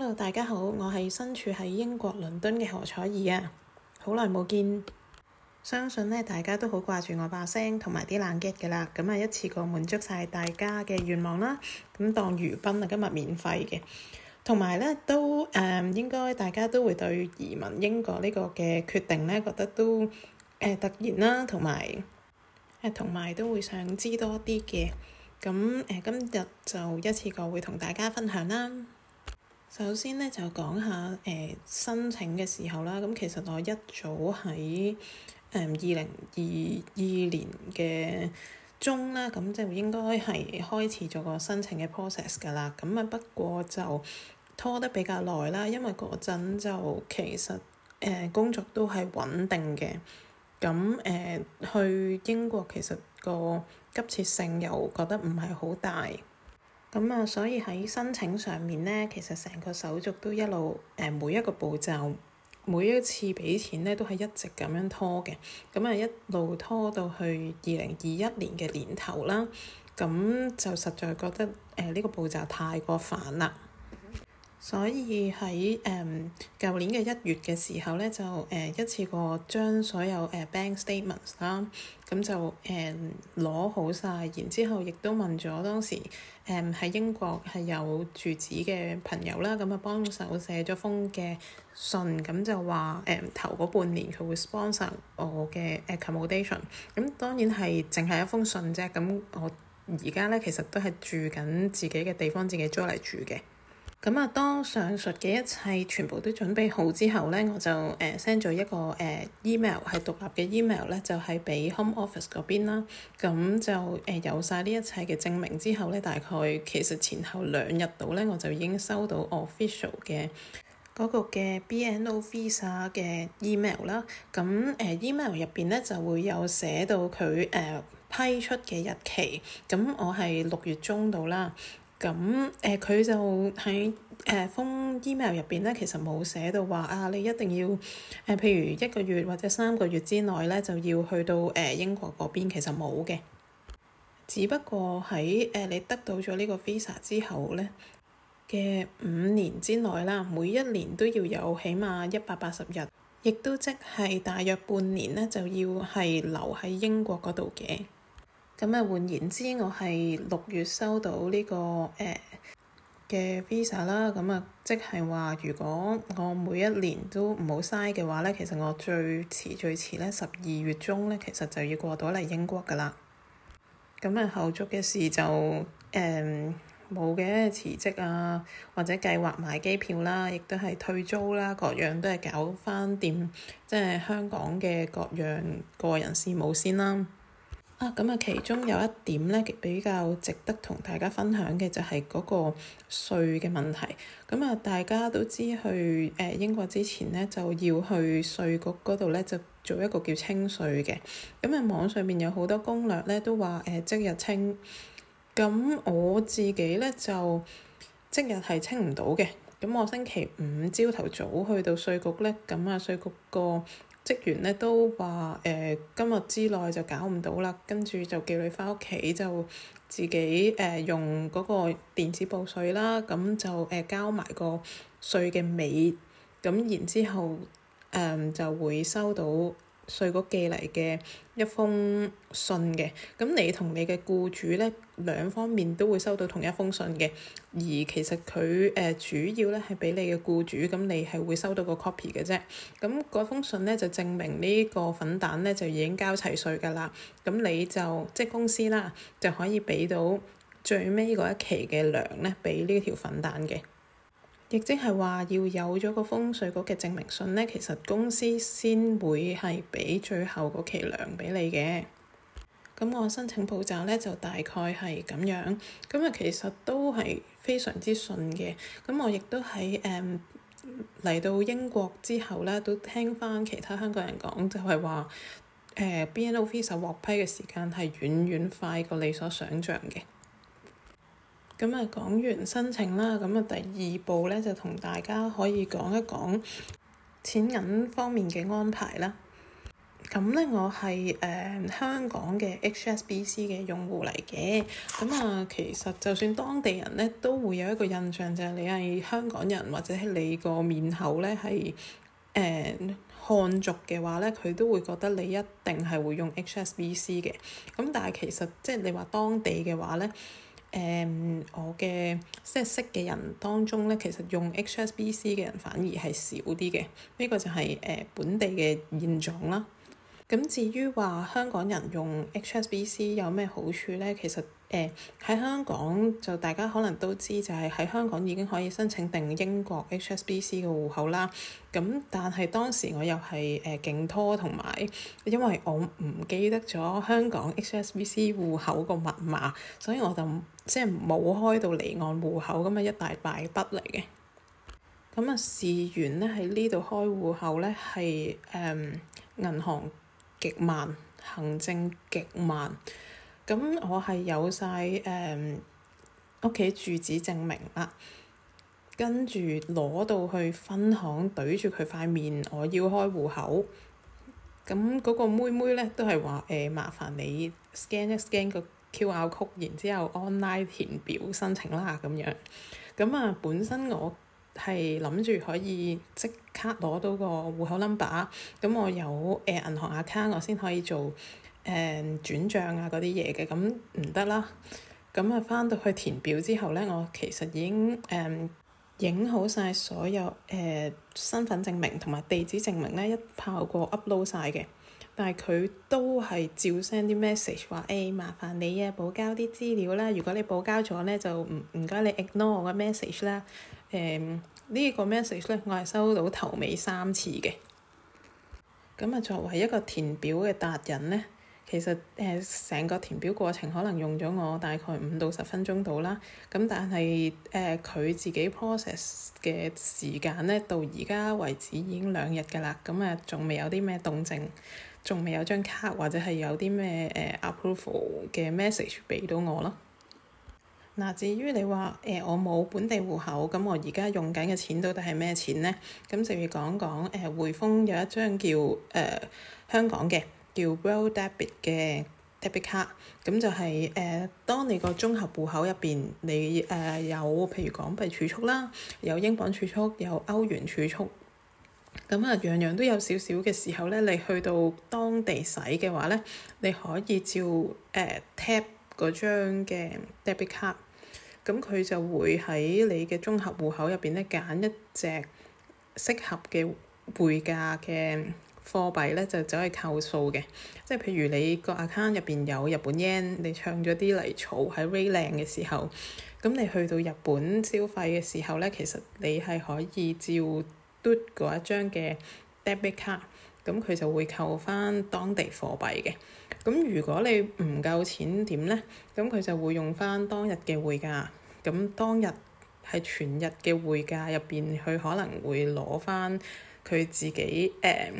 hello，大家好，我係身處喺英國倫敦嘅何彩兒啊，好耐冇見，相信咧大家都好掛住我把聲同埋啲冷 gag 噶啦，咁啊一次過滿足晒大家嘅願望啦，咁當娛賓啊，今日免費嘅，同埋咧都誒、呃，應該大家都會對移民英國呢個嘅決定咧覺得都誒、呃、突然啦，同埋誒同埋都會想知多啲嘅，咁誒、呃、今日就一次過會同大家分享啦。首先呢，就講下誒、呃、申請嘅時候啦，咁其實我一早喺誒二零二二年嘅中啦，咁就應該係開始做個申請嘅 process 㗎啦。咁啊不過就拖得比較耐啦，因為嗰陣就其實誒、呃、工作都係穩定嘅，咁誒、呃、去英國其實個急切性又覺得唔係好大。咁啊，所以喺申請上面咧，其實成個手續都一路誒每一個步驟，每一次畀錢咧都係一直咁樣拖嘅，咁啊一路拖到去二零二一年嘅年頭啦，咁就實在覺得誒呢個步驟太過煩啦。所以喺誒舊年嘅一月嘅時候呢，就、uh, 一次過將所有、uh, bank statements 啦、啊，咁就誒攞、uh, 好晒。然之後亦都問咗當時喺、um, 英國係有住址嘅朋友啦，咁啊幫手寫咗封嘅信，咁就話誒、uh, 頭嗰半年佢會 sponsor 我嘅 accommodation，咁當然係淨係一封信啫，咁我而家呢，其實都係住緊自己嘅地方，自己租嚟住嘅。咁啊，當上述嘅一切全部都準備好之後咧，我就誒 send 咗一個誒、呃、email，係獨立嘅 email 咧、嗯，就係畀 Home Office 嗰邊啦。咁就誒有晒呢一切嘅證明之後咧，大概其實前後兩日度咧，我就已經收到 official 嘅嗰、嗰個嘅 BNO visa 嘅 email 啦。咁、嗯、誒、呃、email 入邊咧就會有寫到佢誒、呃、批出嘅日期。咁、嗯、我係六月中度啦。咁誒佢就喺誒、呃、封 email 入邊咧，其實冇寫到話啊，你一定要誒、呃，譬如一個月或者三個月之內咧，就要去到誒、呃、英國嗰邊，其實冇嘅。只不過喺誒、呃、你得到咗呢個 visa 之後咧嘅五年之內啦，每一年都要有起碼一百八十日，亦都即係大約半年咧，就要係留喺英國嗰度嘅。咁啊，換言之，我係六月收到呢、這個誒嘅 Visa 啦。咁、欸、啊、嗯，即係話，如果我每一年都唔好嘥嘅話咧，其實我最遲最遲咧十二月中咧，其實就要過到嚟英國㗎啦。咁、嗯、啊，後續嘅事就誒冇嘅辭職啊，或者計劃買機票啦，亦都係退租啦，各樣都係搞翻掂，即係香港嘅各樣個人事務先啦。啊，咁啊，其中有一點咧比較值得同大家分享嘅就係嗰個稅嘅問題。咁、嗯、啊，大家都知去誒、呃、英國之前咧就要去稅局嗰度咧就做一個叫清稅嘅。咁、嗯、啊，網上面有好多攻略咧都話誒、呃、即日清。咁我自己咧就即日係清唔到嘅。咁我星期五朝頭早去到稅局咧，咁啊稅局個職員咧都話誒，今日之內就搞唔到啦，跟住就叫你翻屋企，就自己誒、呃、用嗰個電子報稅啦，咁就誒、呃、交埋個稅嘅尾，咁然之後誒、呃、就會收到稅局寄嚟嘅一封信嘅，咁你同你嘅雇主咧兩方面都會收到同一封信嘅，而其實佢誒、呃、主要咧係畀你嘅雇主，咁你係會收到個 copy 嘅啫。咁嗰封信咧就證明呢個粉蛋咧就已經交齊稅噶啦，咁你就即係公司啦就可以畀到最尾嗰一期嘅糧咧畀呢條粉蛋嘅。亦即係話要有咗個風水局嘅證明信咧，其實公司先會係畀最後嗰期糧畀你嘅。咁我申請步驟咧就大概係咁樣，咁啊其實都係非常之順嘅。咁我亦都喺誒嚟到英國之後咧，都聽翻其他香港人講，就係、是、話誒、呃、BNO visa 獲批嘅時間係遠遠快過你所想象嘅。咁啊，講完申請啦，咁啊，第二步咧就同大家可以講一講錢銀方面嘅安排啦。咁、嗯、咧，我係誒、呃、香港嘅 HSBC 嘅用戶嚟嘅。咁、嗯、啊、呃，其實就算當地人咧都會有一個印象，就係、是、你係香港人或者係你個面口咧係誒漢族嘅話咧，佢都會覺得你一定係會用 HSBC 嘅。咁、嗯、但係其實即係、就是、你話當地嘅話咧。誒，um, 我嘅即係識嘅人當中咧，其實用 HSBC 嘅人反而係少啲嘅，呢、這個就係、是、誒、呃、本地嘅現狀啦。咁至於話香港人用 HSBC 有咩好處呢？其實誒喺、呃、香港就大家可能都知，就係喺香港已經可以申請定英國 HSBC 嘅戶口啦。咁但係當時我又係誒勁拖同埋，因為我唔記得咗香港 HSBC 戶口個密碼，所以我就即係冇開到離岸戶口咁啊一大敗筆嚟嘅。咁啊，事源咧喺呢度開戶口咧係誒銀行。極慢，行政極慢。咁我係有晒誒屋企住址證明啦，跟住攞到去分行對住佢塊面，我要開戶口。咁嗰個妹妹咧都係話誒，麻煩你 scan 一 scan 個 QR code，然之後 online 填表申請啦咁樣。咁啊，呃，本身我。係諗住可以即刻攞到個戶口 number 啊！咁我有誒、呃、銀行 account，我先可以做誒、嗯、轉帳啊嗰啲嘢嘅，咁唔得啦。咁、嗯、啊，翻到去填表之後咧，我其實已經誒影、嗯、好晒所有誒、呃、身份證明同埋地址證明咧，一炮過 upload 晒嘅。但係佢都係照 send 啲 message 話誒，麻煩你啊，補交啲資料啦。如果你補交咗咧，就唔唔該你 ignore 我嘅 message 啦。誒、嗯，這個、呢個 message 咧，我係收到頭尾三次嘅。咁啊，作為一個填表嘅達人咧，其實誒成、呃、個填表過程可能用咗我大概五到十分鐘度啦。咁但係誒佢自己 process 嘅時間咧，到而家為止已經兩日㗎啦。咁啊，仲未有啲咩動靜，仲未有張卡或者係有啲咩誒 approval 嘅 message 畀到我咯。嗱，至於你話誒、呃，我冇本地戶口，咁我而家用緊嘅錢到底係咩錢呢？咁就要講講誒，匯、呃、豐有一張叫誒、呃、香港嘅叫 World Debit 嘅 debit 卡、就是，咁就係誒，當你個綜合戶口入邊，你誒、呃、有譬如港幣儲蓄啦，有英鎊儲蓄，有歐元儲蓄，咁啊樣樣都有少少嘅時候咧，你去到當地使嘅話咧，你可以照誒 tap 嗰張嘅 debit 卡。呃咁佢就會喺你嘅綜合戶口入邊咧揀一隻適合嘅匯價嘅貨幣咧，就走去扣數嘅。即係譬如你個 account 入邊有日本 yen，你唱咗啲嚟儲喺 r a 瑞靚嘅時候，咁你去到日本消費嘅時候咧，其實你係可以照篤嗰一張嘅 debit card。咁佢就會扣翻當地貨幣嘅，咁如果你唔夠錢點呢？咁佢就會用翻當日嘅匯價，咁當日係全日嘅匯價入邊，佢可能會攞翻佢自己誒、呃、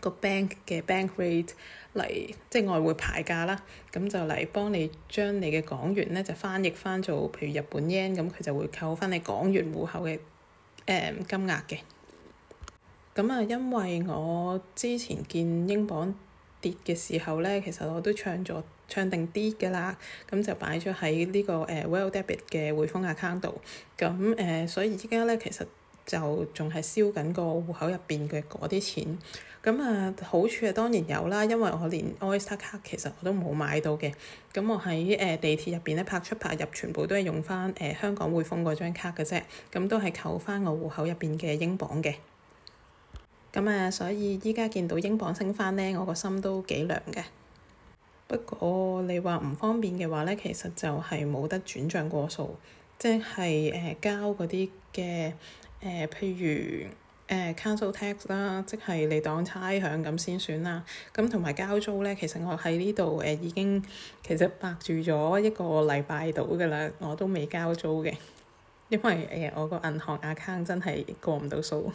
個 bank 嘅 bank rate 嚟，即係外匯牌價啦。咁就嚟幫你將你嘅港元呢，就翻譯翻做譬如日本 yen，咁佢就會扣翻你港元戶口嘅誒金額嘅。咁啊，因為我之前見英鎊跌嘅時候咧，其實我都唱咗唱定啲嘅啦。咁就擺咗喺呢個誒 Well Debit 嘅匯豐 account 度。咁誒，所以而家咧其實就仲係燒緊個戶口入邊嘅嗰啲錢。咁啊，好處啊當然有啦，因為我連 Oyster 卡其實我都冇買到嘅。咁我喺誒地鐵入邊咧，拍出拍入，全部都係用翻誒香港匯豐嗰張卡嘅啫。咁都係扣翻我戶口入邊嘅英鎊嘅。.咁啊、嗯，所以而家見到英鎊升返咧，我個心都幾涼嘅。不過你話唔方便嘅話咧，其實就係冇得轉帳過數，即係誒、呃、交嗰啲嘅誒，譬如誒 council tax 啦，即係你當差餉咁先算啦。咁同埋交租咧，其實我喺呢度誒已經其實白住咗一個禮拜度㗎啦，我都未交租嘅，因為誒、呃、我個銀行 account 真係過唔到數。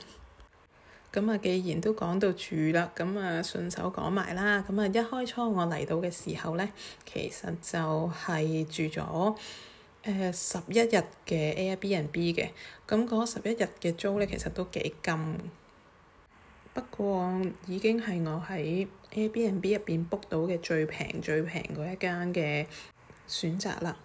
咁啊，既然都講到住啦，咁啊順手講埋啦。咁啊，一開初我嚟到嘅時候咧，其實就係住咗誒十一日嘅 Airbnb 嘅。咁嗰十一日嘅租咧，其實都幾甘，不過已經係我喺 Airbnb 入邊 book 到嘅最平最平嗰一間嘅選擇啦。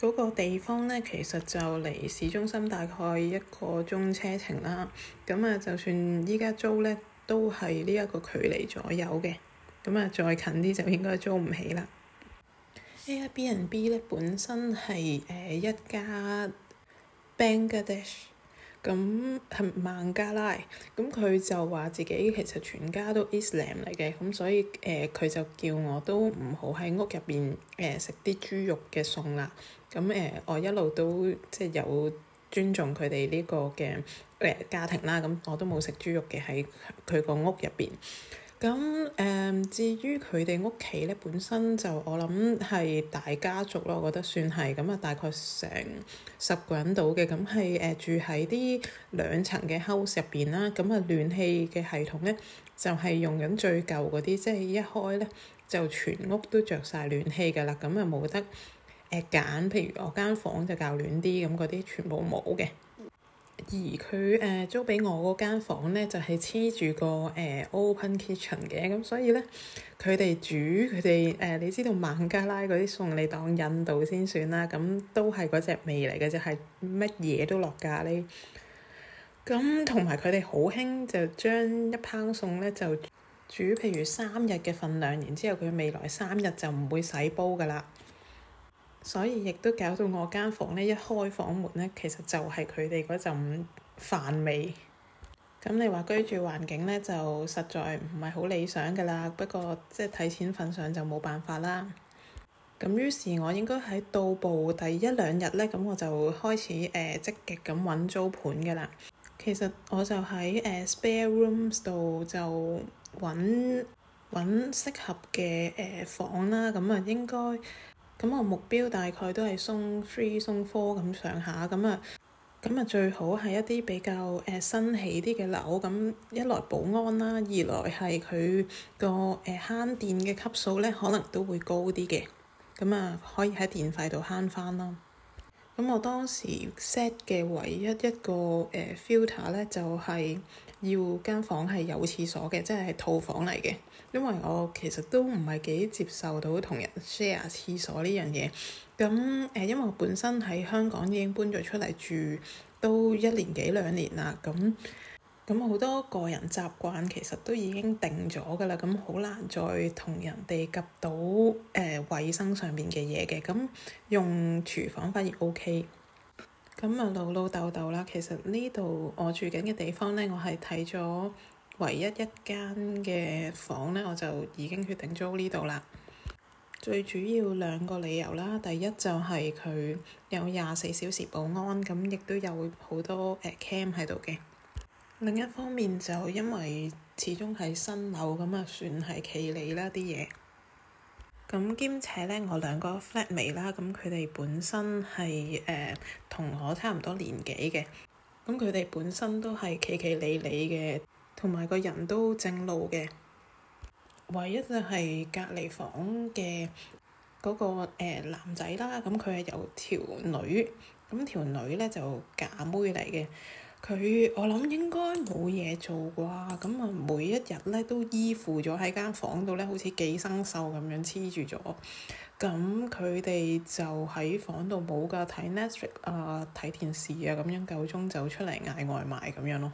嗰個地方咧，其實就離市中心大概一個鐘車程啦。咁啊，就算而家租咧，都係呢一個距離左右嘅。咁啊，再近啲就應該租唔起啦。呢間 Airbnb 咧，本身係誒、呃、一家 Bangladesh。咁係、嗯、孟加拉，咁、嗯、佢就話自己其實全家都伊斯蘭嚟嘅，咁、嗯、所以誒佢、呃、就叫我都唔好喺屋入邊誒食啲豬肉嘅餸啦。咁、嗯、誒、呃、我一路都即係有尊重佢哋呢個嘅誒家庭啦，咁、嗯、我都冇食豬肉嘅喺佢個屋入邊。咁誒、嗯，至於佢哋屋企咧，本身就我諗係大家族咯，我覺得算係咁啊，大概成十個人度嘅，咁係誒住喺啲兩層嘅 house 入邊啦。咁、嗯、啊，暖氣嘅系統咧就係、是、用緊最舊嗰啲，即係一開咧就全屋都着晒暖氣㗎啦。咁啊冇得誒揀、呃，譬如我間房就較暖啲，咁嗰啲全部冇嘅。而佢誒、呃、租畀我嗰間房咧，就係黐住個誒、呃、open kitchen 嘅，咁所以咧，佢哋煮佢哋誒，你知道孟加拉嗰啲餸，你當印度先算啦，咁、嗯、都係嗰隻味嚟嘅，就係乜嘢都落咖喱。咁同埋佢哋好興就將一烹餸咧就煮，譬如三日嘅份量，然之後佢未來三日就唔會洗煲㗎喇。所以亦都搞到我間房咧，一開房門咧，其實就係佢哋嗰陣飯味。咁你話居住環境咧，就實在唔係好理想噶啦。不過即係睇錢份上就冇辦法啦。咁於是，我應該喺到埗第一兩日咧，咁我就開始誒積極咁揾租盤噶啦。其實我就喺誒、呃、Spare Rooms 度就揾揾適合嘅誒、呃、房啦。咁啊應該。咁我目標大概都係 Zone three、Zone four 咁上下，咁啊，咁啊最好係一啲比較誒、呃、新起啲嘅樓，咁一來保安啦，二來係佢個誒慳電嘅級數咧，可能都會高啲嘅，咁啊可以喺電費度慳翻咯。咁我當時 set 嘅唯一一個誒、呃、filter 咧，就係、是。要間房係有廁所嘅，即係套房嚟嘅。因為我其實都唔係幾接受到同人 share 廁所呢樣嘢。咁誒、呃，因為我本身喺香港已經搬咗出嚟住，都一年幾兩年啦。咁咁好多個人習慣其實都已經定咗㗎啦。咁好難再同人哋及到誒呃、衞生上面嘅嘢嘅。咁用廚房反而 OK。咁啊，老老豆豆啦，其實呢度我住緊嘅地方呢，我係睇咗唯一一間嘅房呢，我就已經決定租呢度啦。最主要兩個理由啦，第一就係佢有廿四小時保安，咁亦都有好多誒 cam 喺度嘅。另一方面就因為始終係新樓，咁啊算係企理啦啲嘢。咁兼且咧，我兩個 flatmate 啦，咁佢哋本身係誒、呃、同我差唔多年紀嘅，咁佢哋本身都係企企理理嘅，同埋個人都正路嘅，唯一就係隔離房嘅嗰、那個、呃、男仔啦，咁佢係有條女，咁條女咧就假妹嚟嘅。佢我諗應該冇嘢做啩，咁、嗯、啊每一日咧都依附咗喺間房度咧，好似寄生獸咁樣黐住咗。咁佢哋就喺房度冇噶，睇 Netflix 啊、呃，睇電視啊，咁樣夠鐘就出嚟嗌外賣咁樣咯。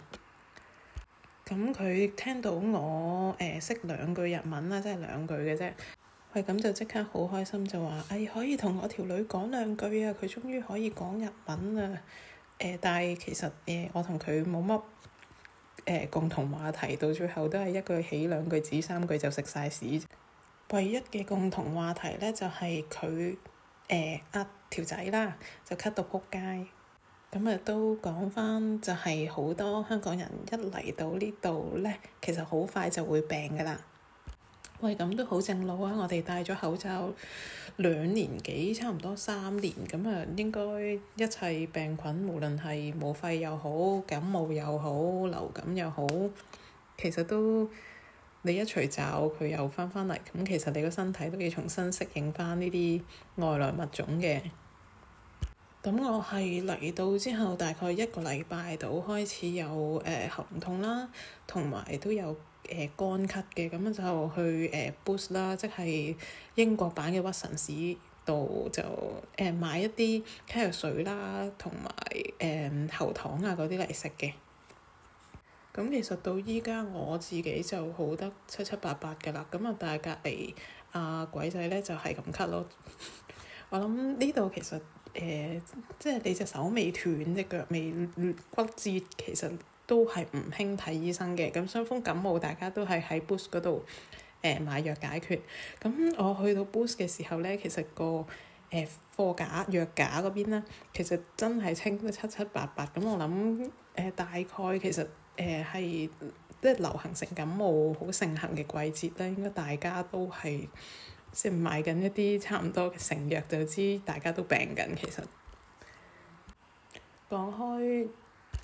咁、嗯、佢聽到我誒識、呃、兩句日文啦，即係兩句嘅啫。係、嗯，咁就即刻好開心就話，哎可以同我條女講兩句啊！佢終於可以講日文啦。誒，但係其實誒，我同佢冇乜誒共同話題，到最後都係一句起兩句止，三句就食晒屎。唯一嘅共同話題咧，就係佢誒呃、啊、條仔啦，就咳到撲街。咁、嗯、啊，都講翻就係好多香港人一嚟到呢度咧，其實好快就會病㗎喇。喂，咁都好正路啊！我哋戴咗口罩兩年幾，差唔多三年，咁啊應該一切病菌，無論係冇肺又好、感冒又好、流感又好，其實都你一除罩，佢又翻返嚟，咁其實你個身體都要重新適應翻呢啲外來物種嘅。咁、嗯、我係嚟到之後，大概一個禮拜度開始有誒、呃、喉痛啦，同埋都有誒、呃、乾咳嘅，咁樣就去誒 Boost 啦，即係英國版嘅屈臣氏度就誒、呃、買一啲咳藥水啦，同埋誒喉糖啊嗰啲嚟食嘅。咁其實到依家我自己就好得七七八八嘅啦。咁啊，但係隔離阿鬼仔咧就係、是、咁咳咯。 我諗呢度其實～誒、呃，即係你隻手未斷，隻腳未骨折，其實都係唔興睇醫生嘅。咁傷風感冒大家都係喺 Boots 嗰度誒買藥解決。咁我去到 Boots 嘅時候咧，其實、個誒、呃、貨架藥架嗰邊咧，其實真係清得七七八八。咁我諗誒、呃、大概其實誒係即係流行性感冒好盛行嘅季節咧，應該大家都係。即係買緊一啲差唔多嘅成藥就知大家都病緊，其實講開。